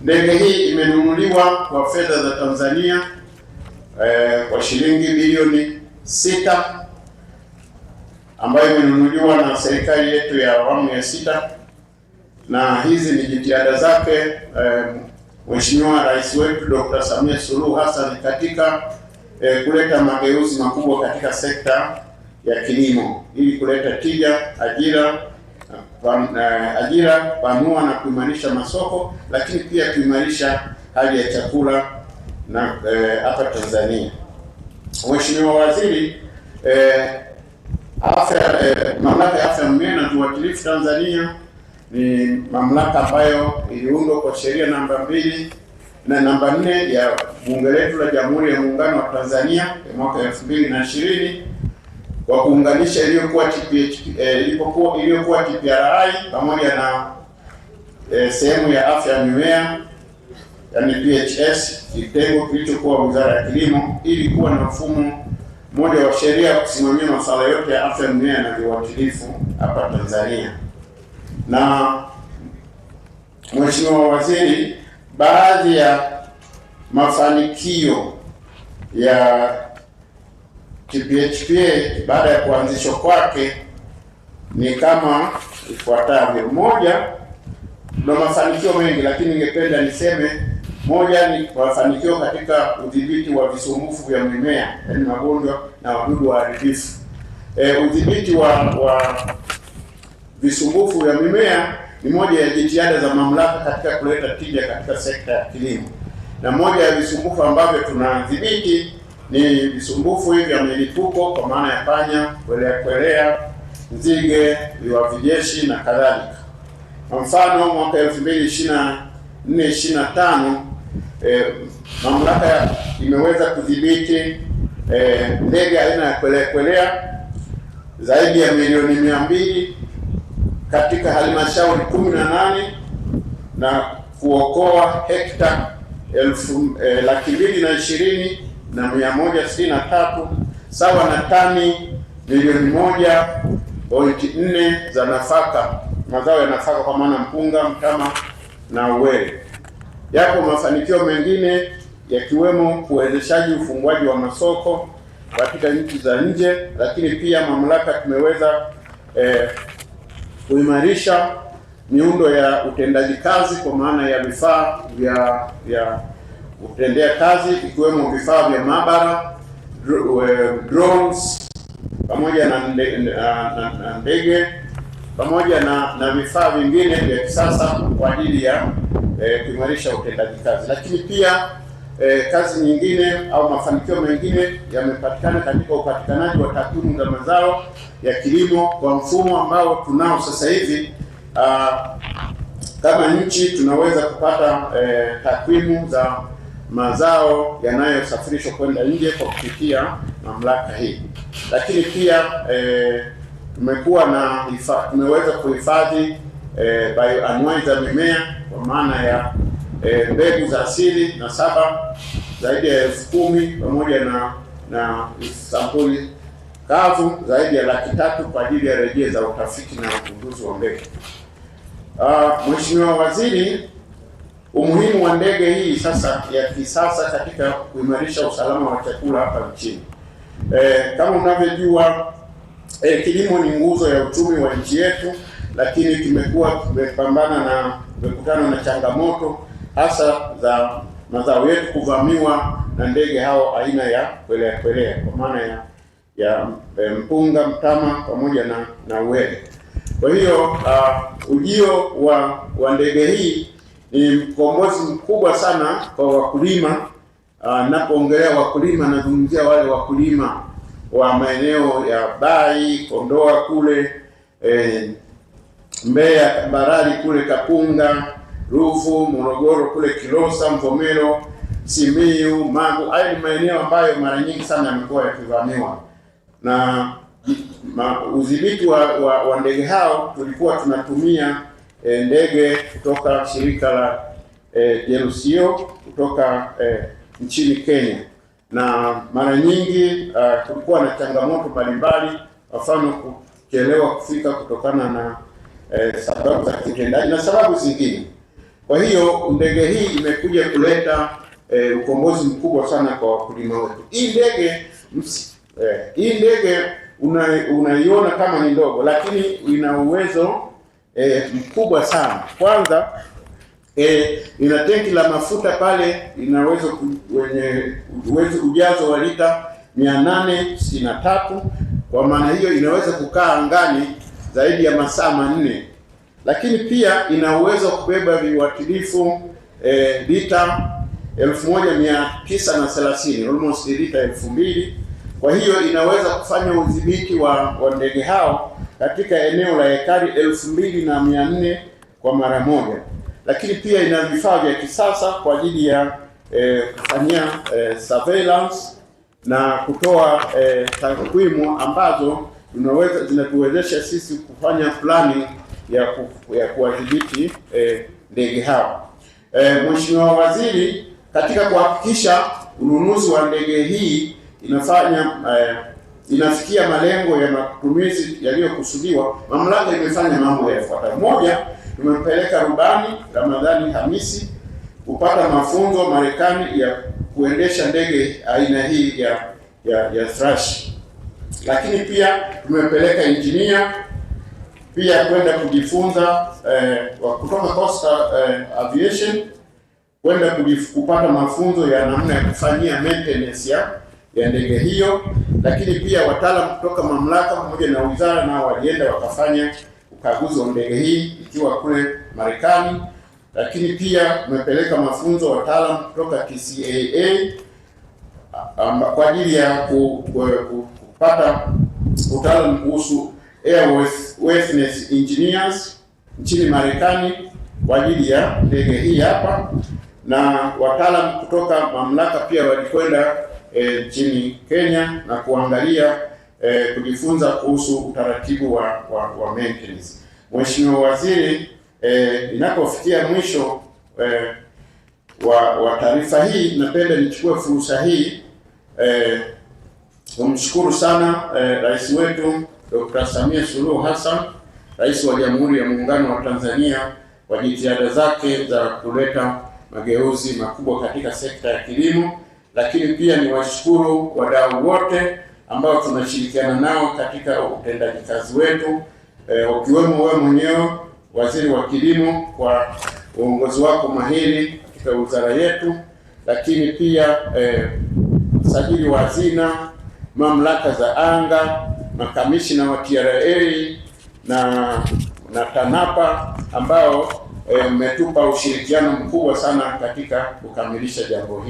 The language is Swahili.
Ndege hii imenunuliwa kwa fedha za Tanzania eh, kwa shilingi bilioni sita ambayo imenunuliwa na serikali yetu ya awamu ya sita, na hizi ni jitihada zake eh, Mheshimiwa Rais wetu Dr. Samia Suluhu Hassan katika eh, kuleta mageuzi makubwa katika sekta ya kilimo ili kuleta tija, ajira Eh, ajira, panua na kuimarisha masoko, lakini pia kuimarisha hali ya chakula na eh, hapa e, Tanzania. Mheshimiwa Waziri e, afya e, mamlaka ya afya mimea na viuatilifu Tanzania ni mamlaka ambayo iliundwa kwa sheria namba mbili na namba nne ya Bunge letu la Jamhuri ya Muungano wa Tanzania ya mwaka elfu mbili na ishirini wa kuunganisha iliyokuwa eh, iliyokuwa TPRI pamoja na e, sehemu ya afya ya mimea yani PHS kitengo kilichokuwa Wizara ya Kilimo ili kuwa na mfumo mmoja wa sheria kusimamia masuala yote ya afya mimea na viuatilifu hapa Tanzania. Na Mheshimiwa Waziri, baadhi ya mafanikio ya PPHPA baada ya kuanzishwa kwake ni kama ifuatavyo. Moja, na mafanikio mengi, lakini ningependa niseme moja ni mafanikio katika udhibiti wa visumbufu vya mimea, yaani magonjwa na wadudu waharibifu. E, udhibiti wa, wa visumbufu vya mimea ni moja ya jitihada za mamlaka katika kuleta tija katika sekta ya kilimo, na moja ya visumbufu ambavyo tunadhibiti ni visumbufu hivi vya milipuko kwa maana ya panya, kwelea kwelea, nzige, vijeshi na kadhalika. Kwa mfano mwaka 2024 25 eh, mamlaka imeweza kudhibiti eh, ndege aina ya kwelea kwelea zaidi ya milioni mia mbili katika halmashauri nane na kuokoa hekta elfu eh, laki mbili na ishirini na mia moja sitini na tatu sawa na tani milioni moja pointi nne za nafaka, mazao ya nafaka kwa maana mpunga, mtama na uwele. Yapo mafanikio mengine yakiwemo uwezeshaji ufunguaji wa masoko katika nchi za nje, lakini pia mamlaka tumeweza eh, kuimarisha miundo ya utendaji kazi kwa maana ya vifaa vya kutendea kazi ikiwemo vifaa vya maabara, drones pamoja na ndege, na ndege pamoja na na vifaa vingine vya kisasa kwa ajili ya eh, kuimarisha utendaji kazi. Lakini pia eh, kazi nyingine au mafanikio mengine yamepatikana katika upatikanaji wa takwimu za mazao ya kilimo kwa mfumo ambao tunao sasa hivi. Ah, kama nchi tunaweza kupata eh, takwimu za mazao yanayosafirishwa kwenda nje kwa kupitia mamlaka hii, lakini pia e, tumekuwa na tumeweza kuhifadhi e, eh, bioanuwai za mimea kwa maana ya e, mbegu za asili na saba zaidi ya elfu kumi pamoja na na sampuli kavu zaidi ya laki tatu kwa ajili ya rejea za utafiti na ugunduzi wa mbegu. Uh, Mheshimiwa Waziri Umuhimu wa ndege hii sasa ya kisasa katika kuimarisha usalama wa chakula hapa nchini. E, kama unavyojua e, kilimo ni nguzo ya uchumi wa nchi yetu, lakini kimekuwa kimepambana na kimekutana na changamoto hasa za mazao yetu kuvamiwa na ndege hao aina ya kwelea kwelea, kwa maana ya ya eh, mpunga, mtama pamoja na na uwele. Kwa hiyo uh, ujio wa wa ndege hii ni mkombozi mkubwa sana kwa wakulima. Ah, Napoongelea wakulima, nazungumzia wale wakulima wa maeneo ya Bai, Kondoa kule e, Mbeya, Mbarali kule Kapunga, rufu Morogoro kule Kilosa, Mvomero, Simiyu, Magu. Hayo ni maeneo ambayo mara nyingi sana yamekuwa yakivamiwa na udhibiti wa, wa, wa ndege hao tulikuwa tunatumia e, ndege kutoka shirika la e, eh, Jerusio kutoka e, nchini Kenya, na mara nyingi uh, ah, kulikuwa na changamoto mbalimbali, kwa mfano kuchelewa kufika kutokana na eh, sababu za kitendaji na sababu zingine. Kwa hiyo ndege hii imekuja kuleta eh, ukombozi mkubwa sana kwa wakulima wetu. Hii ndege hii ndege unaiona una kama ni ndogo, lakini ina uwezo e, mkubwa sana. Kwanza e, ina tenki la mafuta pale inaweza wenye uwezo ujazo wa lita tatu. kwa maana hiyo inaweza kukaa angani zaidi ya masaa manne, lakini pia ina uwezo wa kubeba viwatilifu e, eh, lita 1930 almost lita mbili. Kwa hiyo inaweza kufanya udhibiti wa, wa ndege hao katika eneo la hekari elfu mbili na mia nne kwa mara moja, lakini pia ina vifaa vya kisasa kwa ajili ya eh, kufanyia e, surveillance na kutoa e, takwimu ambazo unaweza zinatuwezesha sisi kufanya plani ya, ku, ya kuwadhibiti e, ndege hao. E, Mheshimiwa Waziri, katika kuhakikisha ununuzi wa ndege hii inafanya e, inafikia malengo ya matumizi yaliyokusudiwa, mamlaka imefanya mambo yafuatayo: moja, tumepeleka rubani Ramadhani Hamisi kupata mafunzo Marekani ya kuendesha ndege aina hii ya ya, ya Thrush, lakini pia tumepeleka injinia pia kwenda kujifunza eh, kutoka Costa eh, Aviation kwenda kupata mafunzo ya namna ya kufanyia maintenance ya ya ndege hiyo, lakini pia wataalam kutoka mamlaka pamoja na wizara nao walienda wakafanya ukaguzi wa ndege hii ikiwa kule Marekani, lakini pia tumepeleka mafunzo wataalam kutoka TCAA amba, kwa ajili ya kupata utaalamu kuhusu airworthiness engineers nchini Marekani kwa ajili ya ndege hii hapa, na wataalamu kutoka mamlaka pia walikwenda e, nchini Kenya na kuangalia e, kujifunza kuhusu utaratibu wa, wa, wa maintenance. Mheshimiwa Waziri, e, inapofikia mwisho e, wa, wa taarifa hii, napenda nichukue fursa hii e, kumshukuru sana e, rais wetu Dr. Samia Suluhu Hassan, rais wa Jamhuri ya Muungano wa Tanzania kwa jitihada zake za kuleta mageuzi makubwa katika sekta ya kilimo lakini pia ni washukuru wadau wote ambao tunashirikiana nao katika utendaji kazi wetu ukiwemo eh, e, wewe mwenyewe waziri wa kilimo kwa uongozi wako mahiri katika wizara yetu, lakini pia msajili eh, wa hazina, mamlaka za anga, makamishina wa TRA na na TANAPA ambao eh, mmetupa e, ushirikiano mkubwa sana katika kukamilisha jambo hili.